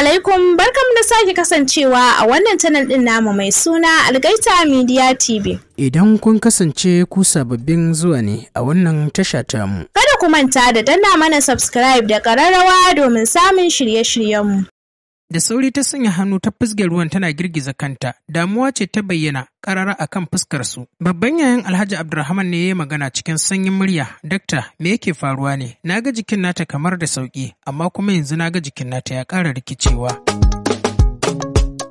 alaikum barkam da sake kasancewa a wannan channel din namu mai suna Algaita Media TV. Idan kun kasance ku sababbin zuwa ne a wannan tasha mu. Kada ku manta da danna mana subscribe da kararrawa domin samun shirye shiryen mu Da sauri ta sanya hannu ta fusge ruwan tana girgiza kanta, damuwa ce ta bayyana karara a kan fuskar su Babban yayin Alhaji Abdulrahman ne ya magana cikin sanyin murya, Dakta, me yake faruwa ne? Na ga jikin nata kamar da sauki amma kuma yanzu na ga jikin nata ya ƙara rikicewa.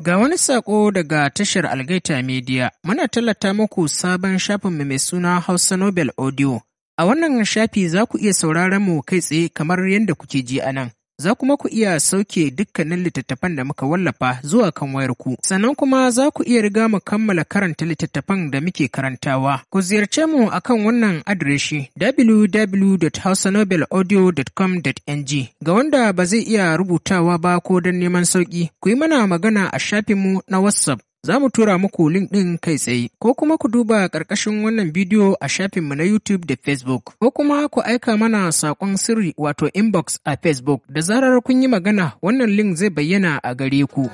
Ga wani sako daga tashar Algaita Media, muna tallata muku sabon shafinmu mai suna Hausa Nobel Audio. A wannan shafi za ku iya sauraron mu kai tsaye kamar yadda kuke ji a nan. Za kuma ku iya sauke dukkanin littattafan da muka wallafa zuwa kan wayarku. Sannan kuma za ku iya riga mu kammala karanta littattafan da muke karantawa. Ku ziyarce mu akan wannan adireshi www.hausanobelaudio.com.ng ga wanda ba zai iya rubutawa ba ko don neman sauki. Ku yi mana magana a shafinmu na WhatsApp za mu tura muku link ɗin kai tsaye ko kuma ku duba ƙarƙashin wannan bidiyo a shafinmu na YouTube da Facebook ko kuma ku aika mana saƙon sirri wato inbox a Facebook da zarar kun yi magana wannan link zai bayyana a gare ku.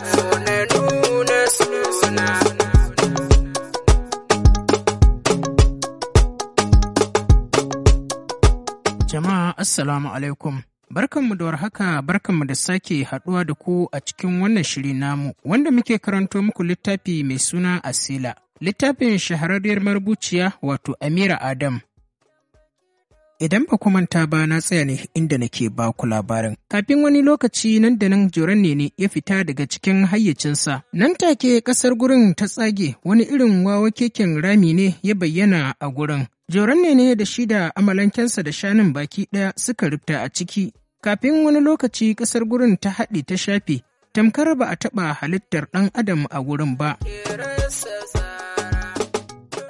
Jama'a Assalamu alaikum. Barkanmu da warhaka, barkanmu da sake haɗuwa da ku a cikin wannan shiri namu, wanda muke karanto muku littafi mai suna Asila. Littafin shahararriyar marubuciya wato Amira Adam. Idan ba ku manta ba na tsaya ne inda nake ba ku labarin. Kafin wani lokaci nan da nan joran ne ne ya fita daga cikin hayyacinsa. Nan take ƙasar gurin ta tsage wani irin wawa keken rami ne ya bayyana a gurin. Joran ne ne da shi da amalankensa da shanun baki ɗaya suka rubta a ciki kafin wani lokaci ƙasar gurin ta haɗe ta shafe tamkar ba a taɓa halittar ɗan adam a gurin ba.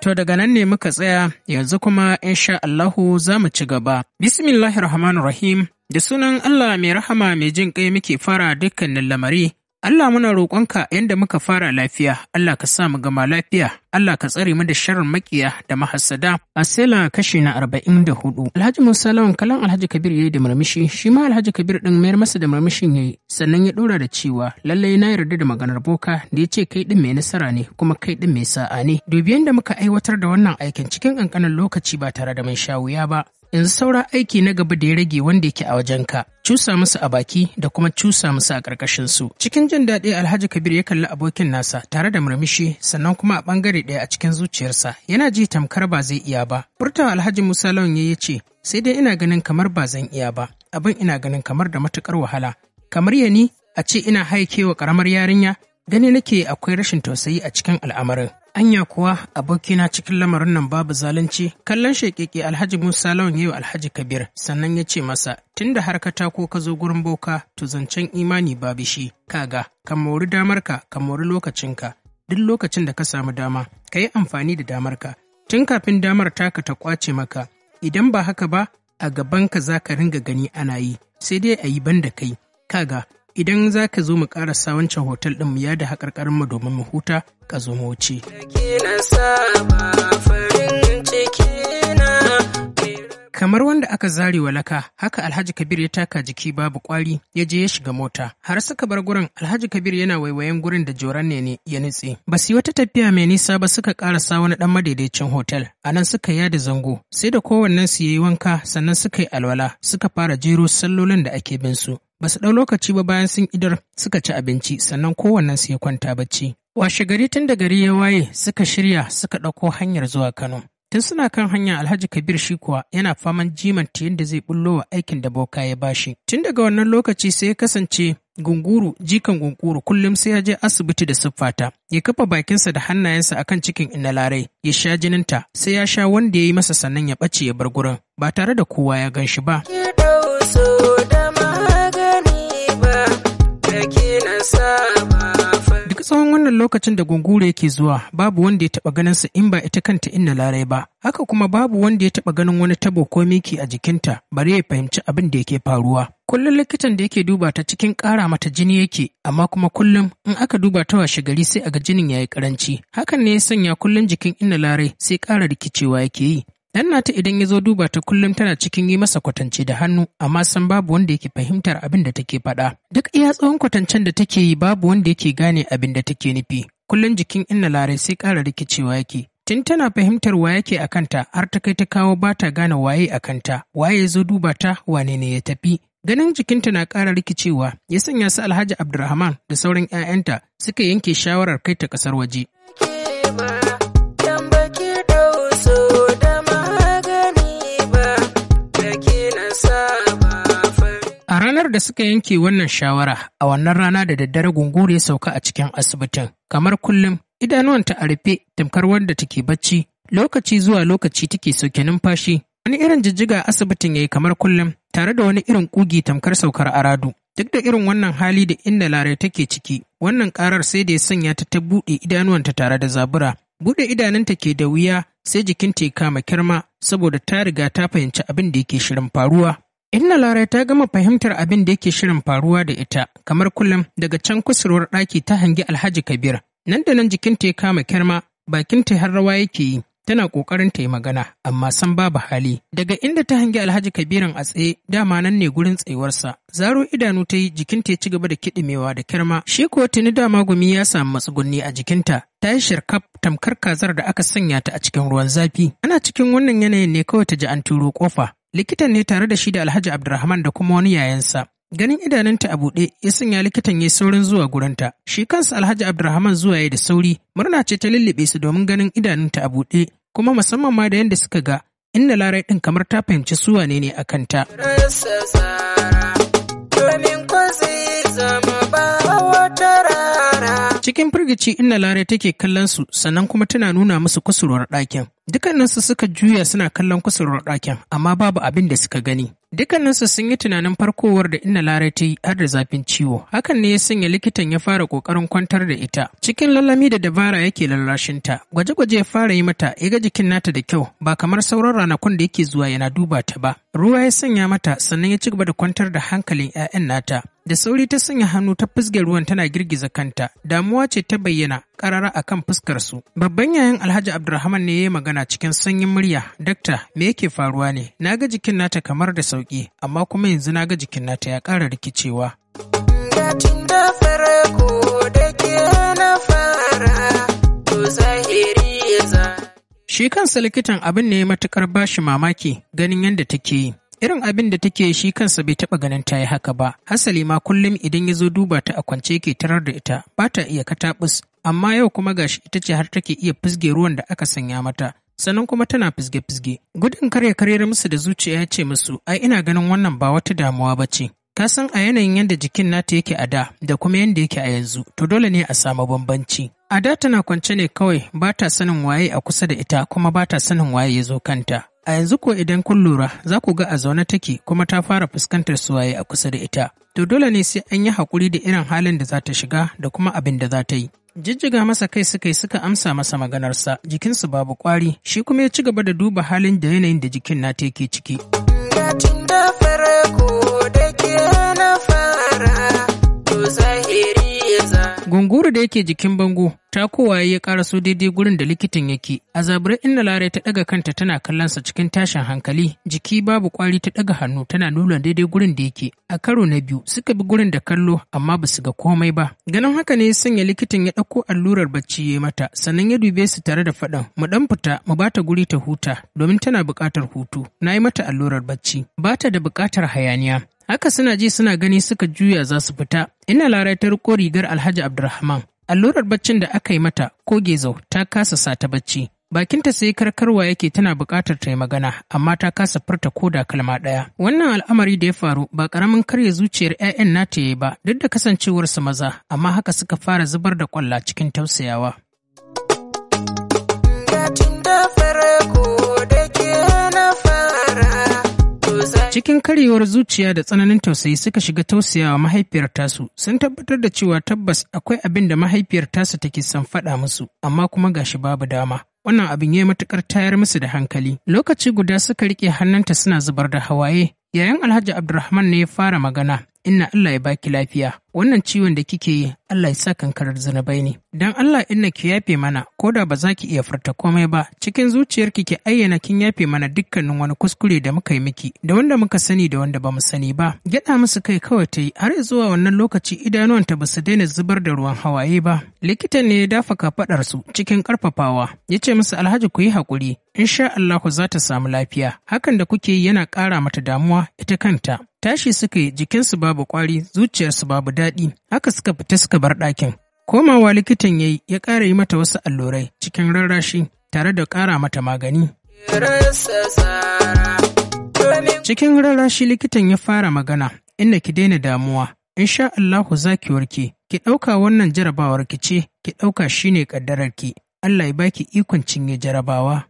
To daga nan ne muka tsaya yanzu kuma sha Allahu za mu ci gaba. Bismillahirrahmanirrahim da sunan Allah mai rahama mai jin ƙai muke fara dukkanin lamari Allah muna roƙonka yadda muka fara lafiya, Allah ka sa mu gama lafiya, Allah ka tsare mu da sharar makiya da mahasada. A sela kashi na arba'in da hudu. Alhaji Musa Lawan kalan Alhaji Kabir ya yi da murmushi, shi ma Alhaji Kabir ɗin mayar masa da murmushin ya yi, sannan ya ɗora da cewa lallai na yarda da maganar boka da ya ce kai ɗin mai nasara ne kuma kai ɗin mai sa'a ne. Dubi yadda muka aiwatar da wannan aikin cikin ƙanƙanin lokaci ba tare da mai sha wuya ba. yanzu saura aiki na gaba da ya rage wanda yake a wajen ka. cusa musu a baki da kuma cusa musu a ƙarƙashin su cikin jin daɗi alhaji kabir ya kalli abokin nasa tare da murmushi sannan kuma a ɓangare ɗaya a cikin zuciyarsa yana ji tamkar ba zai iya ba furtawa alhaji musa lawan ya ce sai dai ina ganin kamar ba zan iya ba abin ina ganin kamar da matuƙar wahala kamar ya ni a ce ina haikewa ƙaramar yarinya gani nake akwai rashin tausayi a cikin al'amarin Anya kuwa abokina cikin lamarin nan babu zalunci kallon shekeke Alhaji Musa Lawan yayi Alhaji Kabir sannan ya ce masa tunda har ka tako ka zo gurin boka to zancen imani ba bishi kaga ka mori damarka ka mori lokacinka duk lokacin da ka samu dama ka yi amfani da damarka tun kafin damar taka ta kwace maka idan ba haka ba a gabanka za ka ringa gani ana yi sai dai a yi ban kai kaga idan za ka zo mu karasa wancan hotel ɗin mu yada haƙarƙarinmu domin mu huta ka zo mu wuce. Kamar wanda aka zare wa laka, haka Alhaji Kabir ya taka jiki babu kwari ya je ya shiga mota. Har suka bar gurin Alhaji Kabir yana waiwayen gurin da joran ne ya nutse. Ba su yi wata tafiya mai nisa ba suka karasa wani dan madaidaicin hotel. A nan suka yi yada zango, sai da kowannen su yi wanka sannan suka yi alwala, suka fara jero sallolin da ake bin su. Ba su ɗau lokaci ba bayan sun idar suka ci abinci sannan kowannen su ya kwanta bacci. Washe gari tun da gari ya waye suka shirya suka ɗauko hanyar zuwa Kano. Tun suna kan hanya Alhaji Kabir shi kuwa yana faman jimanta yadda zai bullo wa aikin da boka ya bashi. Tun daga wannan lokaci sai ya kasance gunguru jikan gunguru kullum sai ya je asibiti da siffata ya kafa bakinsa da hannayensa akan cikin Larai, ya sha jininta sai ya sha wanda ya yi masa sannan ya ɓace ya bar gurin ba tare da kowa ya gan shi ba. ba, tsawon wannan lokacin da gungure yake zuwa babu wanda ya taɓa ganinsa in ba ita kanta inna larai ba haka kuma babu wanda ya taɓa ganin wani tabo ko miki a jikinta bari ya fahimci abin da yake faruwa kullum likitan da yake duba ta cikin ƙara mata jini yake amma kuma kullum in aka duba ta washe gari sai a ga jinin yayi karanci hakan ne ya sanya kullum jikin inna larai sai ƙara rikicewa yake yi Yan nata idan ya zo duba ta kullum tana cikin yi masa kwatance da hannu amma san babu wanda yake fahimtar abin da take faɗa. Duk iya tsawon kwatancen da take yi babu wanda yake gane abin da take nufi. Kullum jikin inna larai sai ƙara rikicewa yake. Tun tana fahimtar wa yake a kanta har ta kai ta kawo ba ta gane waye a kanta, waye ya zo duba ta wane ne ya tafi. Ganin jikinta na ƙara rikicewa ya sanya su Alhaji Abdulrahman da sauran 'ya'yanta suka yanke shawarar kai ta ƙasar waje. waɗanda suka yanke wannan shawara a wannan rana da daddare gunguru ya sauka a cikin asibitin kamar kullum idanuwanta a rufe tamkar wanda take bacci lokaci zuwa lokaci take sauke numfashi wani irin jijjiga asibitin ya yi kamar kullum tare da wani irin ƙugi tamkar saukar aradu duk da irin wannan hali da inda Lare take ciki wannan karar sai da ya sanya ta ta buɗe idanuwanta tare da zabura buɗe idanunta ke da wuya sai jikinta ya kama kirma saboda ta riga ta fahimci abin da yake shirin faruwa Inna Larai ta gama fahimtar abin da yake shirin faruwa da ita, kamar kullum daga can kusurwar ɗaki ta hangi Alhaji Kabir. Nan da nan jikinta ya kama kyarma, bakinta har rawa yake yi, tana ƙoƙarin ta yi magana, amma san babu hali. Daga inda ta hangi Alhaji Kabirin a tsaye, dama nan ne gurin tsayuwarsa. Zaro idanu ta yi jikinta ya ci gaba da kiɗimewa da kyarma. Shi ko tuni dama gumi ya samu matsugunni a jikinta, ta yi shirkaf tamkar kazar da aka sanya ta a cikin ruwan zafi. Ana cikin wannan yanayin ne kawai ta ji an turo ƙofa. likitan ne tare da shi da alhaji abdurrahman da kuma wani yayansa ganin idanunta a buɗe ya sanya likitan ya saurin zuwa gurinta shi kansa alhaji abdurrahman zuwa ya da sauri murna ce ta lullube su domin ganin idanunta a buɗe kuma musamman ma da yadda suka ga inda larai ɗin kamar ta fahimci su wane ne a kanta. Cikin firgici inna lare take kallon su sannan kuma tana nuna musu kusurwar ɗakin. Dukkaninsu suka juya suna kallon kusurwar ɗakin amma babu abin da suka gani. Dukkaninsu sun yi tunanin farkowar da inna lare ta yi har da zafin ciwo. Hakan ne ya sanya likitan ya fara ƙoƙarin kwantar da ita. Cikin lalami da dabara yake lallashin ta, Gwaje-gwaje ya fara yi mata ya ga jikin nata da kyau ba kamar sauran ranakun da yake zuwa yana duba ta ba. Ruwa ya sanya mata sannan ya ci gaba da kwantar da hankalin 'ya'yan nata. Da sauri ta sanya hannu ta fusge ruwan tana girgiza kanta, damuwa ce ta bayyana karara a kan fuskar su. Babban yayan Alhaji Abdulrahman ne ya yi magana cikin sanyin murya, Dakta, me yake faruwa ne? Na ga jikin nata kamar da sauki amma kuma yanzu na ga jikin nata ya ƙara rikicewa. da ke na fara, to Shi kansa likitan abin ne matukar bashi mamaki ganin yadda take yi. irin abin da take shi kansa bai taɓa ganin ta yi haka ba hasali ma kullum idan ya zo duba ta a kwance ke tarar da ita ba ta iya kataɓus amma yau kuma ga shi ita ce har take iya fizge ruwan da aka sanya mata sannan kuma tana fizge-fizge gudun karya karyar musu da zuciya ya ce musu ai ina ganin wannan ba wata damuwa ba ce ka san a yanayin yadda jikin nata yake a da da kuma yadda yake a yanzu to dole ne a samu bambanci a da tana kwance ne kawai ba ta sanin waye a kusa da ita kuma ba ta sanin waye ya zo kanta A yanzu ko idan kun lura za ku ga a zaune take kuma ta fara fuskantar suwaye a kusa da ita. To dole ne sai an yi hakuri da irin halin da za ta shiga da kuma abin da za ta yi. Jijjiga masa kai suka yi suka amsa masa maganarsa jikinsu babu kwari, shi kuma ya ci gaba da duba halin da yanayin da jikin na take ciki. fara to zahiri Gunguru da yake jikin bango, ta kowa ya so daidai gurin da likitan yake, a zabirar inna larai ta ɗaga kanta tana kallonsa cikin tashin hankali, jiki babu ƙwari ta ɗaga hannu tana nuna daidai gurin da yake. A karo na biyu suka bi gurin da kallo amma ba su ga komai ba. Ganin haka ne sanya likitan ya ɗauko allurar bacci ya mata, sannan ya dube su tare da faɗan, mu ɗan fita mu ba ta guri ta huta domin tana buƙatar hutu. Na yi mata allurar bacci, ba ta da buƙatar hayaniya. Haka suna ji suna gani suka juya za su fita. Ina larai ta rigar Alhaji Abdulrahman. Allurar baccin da aka yi mata ko gezo ta kasa sata bacci. Bakinta sai karkarwa yake tana buƙatar ta yi magana, amma ta kasa furta ko da kalma ɗaya. Wannan al'amari da ya faru ba ƙaramin karya zuciyar 'ya'yan nata ya ba, duk da kasancewarsa maza, amma haka suka fara zubar da ƙwalla cikin tausayawa. Cikin karyewar zuciya da tsananin tausayi suka shiga tausaya wa mahaifiyar tasu sun tabbatar da cewa tabbas akwai abin da mahaifiyar tasu take son faɗa musu amma kuma gashi babu dama. Wannan abin ya yi matuƙar tayar musu da hankali. Lokaci guda suka riƙe hannunta suna zubar da hawaye yayin Alhaji Abdurrahman ne ya fara magana inna Allah ya baki lafiya wannan ciwon da kike yi Allah ya sa kankarar zinabai ne dan Allah inna ki yafe mana ko da ba za ki iya furta komai ba cikin zuciyar ki ayyana kin yafe mana dukkanin wani kuskure da muka yi miki da wanda muka sani da wanda bamu sani ba gyada musu kai kawai ta yi har zuwa wannan lokaci idanuwanta ba su daina zubar da ruwan hawaye ba likitan ne ya dafa kafadar su cikin karfafawa ya ce musu alhaji ku yi hakuri insha Allah za ta samu lafiya hakan da kuke yi yana ƙara mata damuwa ita kanta Tashi suka yi jikinsu babu kwari zuciyarsu babu daɗi, haka suka fita suka bar ɗakin. Komawa likitan ya yi ya ƙara yi mata wasu allurai cikin rarrashi tare da ƙara mata magani. Cikin rarrashi likitan ya fara magana, inda ki daina damuwa, in sha Allahu za ki warke, ki ɗauka wannan jarabawar ki ce, ki ɗauka shine ƙaddararki, Allah ya baki ikon cinye jarabawa.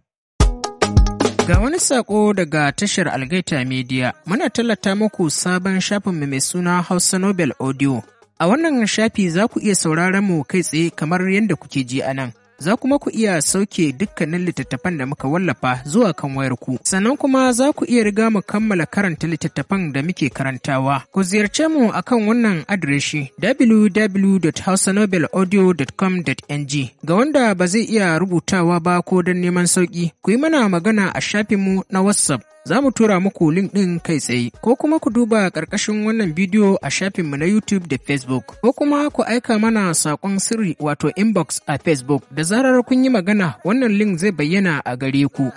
Ga wani sako daga tashar Algaita Media muna tallata muku sabon shafin mai suna Hausa Nobel Audio. A wannan shafi za ku iya sauraron mu kai tsaye kamar yadda kuke ji a nan. za kuma ku iya sauke dukkanin littattafan da muka wallafa zuwa kan wayarku. Sannan kuma za ku iya riga mu kammala karanta littattafan da muke karantawa. Ku ziyarce mu akan wannan adireshi www.hausanobelaudio.com.ng ga wanda ba zai iya rubutawa ba ko don neman sauki. Ku yi mana magana a shafinmu na WhatsApp za mu tura muku link ɗin kai tsaye ko kuma ku duba ƙarƙashin wannan bidiyo a shafinmu na YouTube da Facebook ko kuma ku aika mana saƙon sirri wato inbox a Facebook da zarar kun yi magana wannan link zai bayyana a gare ku.